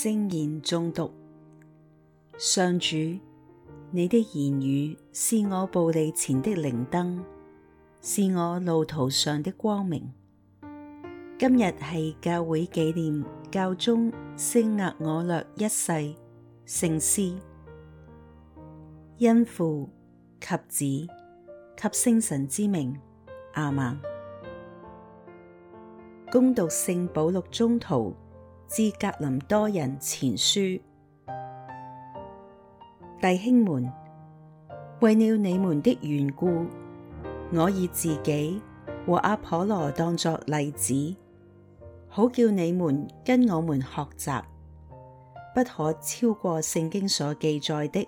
聖言誦讀。上主，你的言語是我步履前的靈燈，是我路途上的光明。今日係教會紀念教宗聖額我略一世聖師，因父及子及聖神之名，阿瑪。恭讀聖保祿宗徒。致格林多人前書，弟兄們，為了你們的緣故，我以自己和阿頗羅當作例子，好叫你們跟我們學習，不可超過聖經所記載的，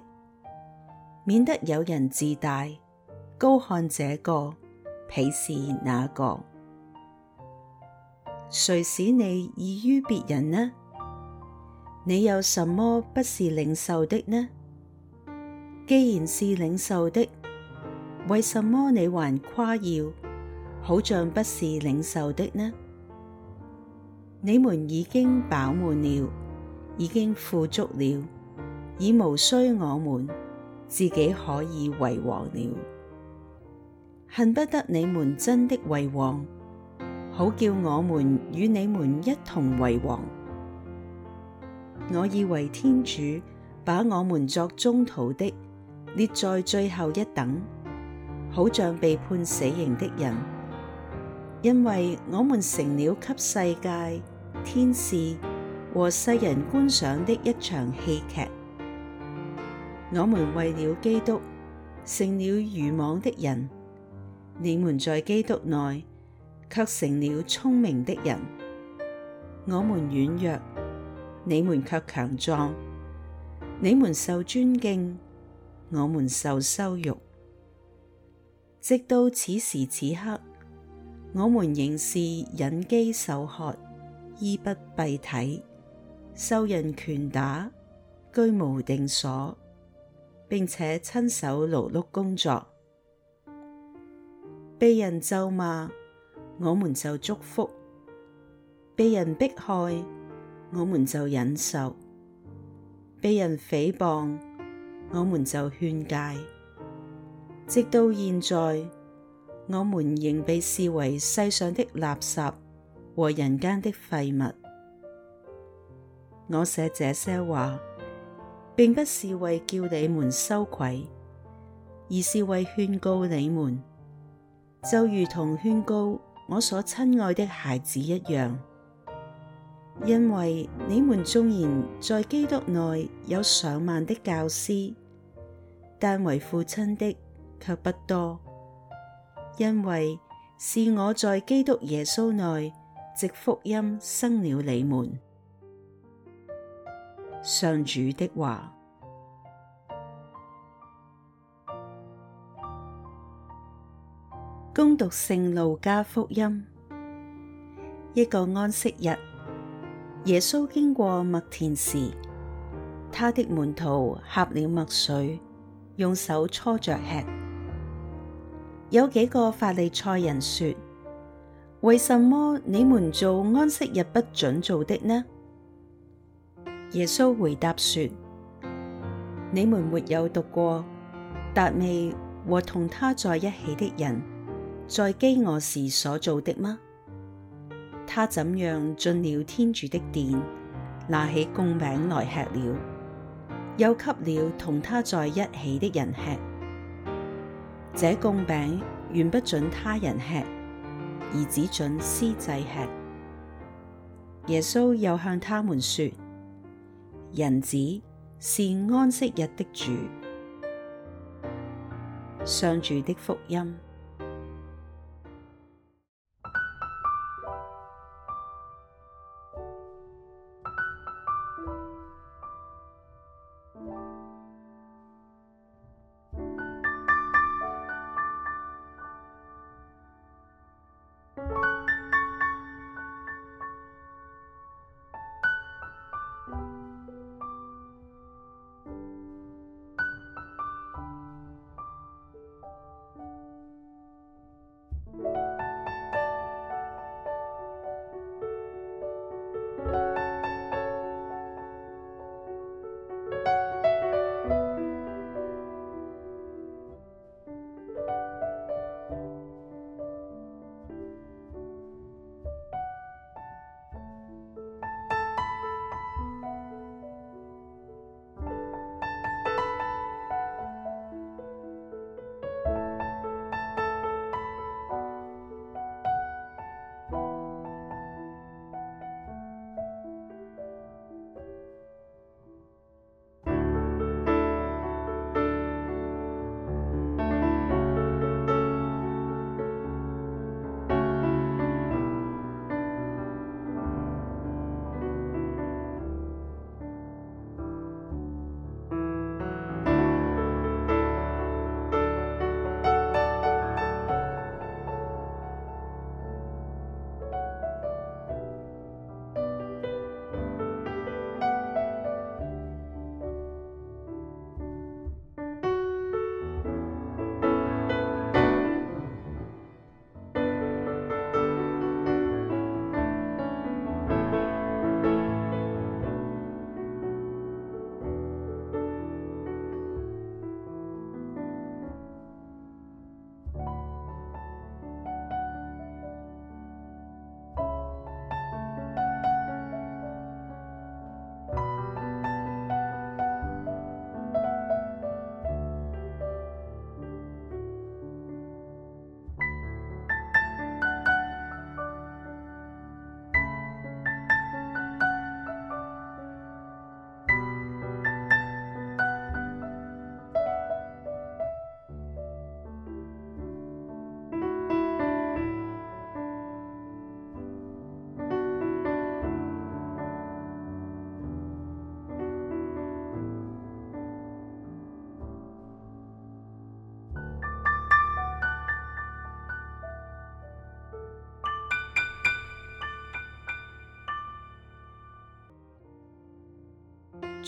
免得有人自大，高看這個，鄙視那個。誰使你異於別人呢？你有什麼不是領受的呢？既然是領受的，為什麼你還誇耀，好像不是領受的呢？你們已經飽滿了，已經富足了，已無需我們，自己可以為王了。恨不得你們真的為王。好叫我們與你們一同為王。我以為天主把我們作宗徒的列在最後一等，好像被判死刑的人，因為我們成了給世界、天使和世人觀賞的一場戲劇。我們為了基督成了愚妄的人，你們在基督內。卻成了聰明的人。我們軟弱，你們卻強壯；你們受尊敬，我們受羞辱。直到此時此刻，我們仍是忍飢受渴，衣不蔽體，受人拳打，居無定所，並且親手勞碌工作，被人咒罵。我們就祝福，被人迫害，我們就忍受；被人誹謗，我們就勸戒。直到現在，我們仍被視為世上的垃圾和人間的廢物。我寫這些話，並不是為叫你們羞愧，而是為勸告你們，就如同勸告。我所親愛的孩子一樣，因為你們縱然在基督內有上萬的教師，但為父親的卻不多，因為是我在基督耶穌內藉福音生了你們。上主的話。恭讀《聖路加福音》，一個安息日，耶穌經過麥田時，他的門徒掐了麥穗，用手搓著吃。有幾個法利賽人說：為什麼你們做安息日不准做的呢？耶穌回答說：你們沒有讀過達味和同他在一起的人？在饑餓時所做的嗎？他怎樣進了天主的殿，拿起供餅來吃了，又給了同他在一起的人吃。這供餅原不准他人吃，而只准司祭吃。耶穌又向他們說：人子是安息日的主。上主的福音。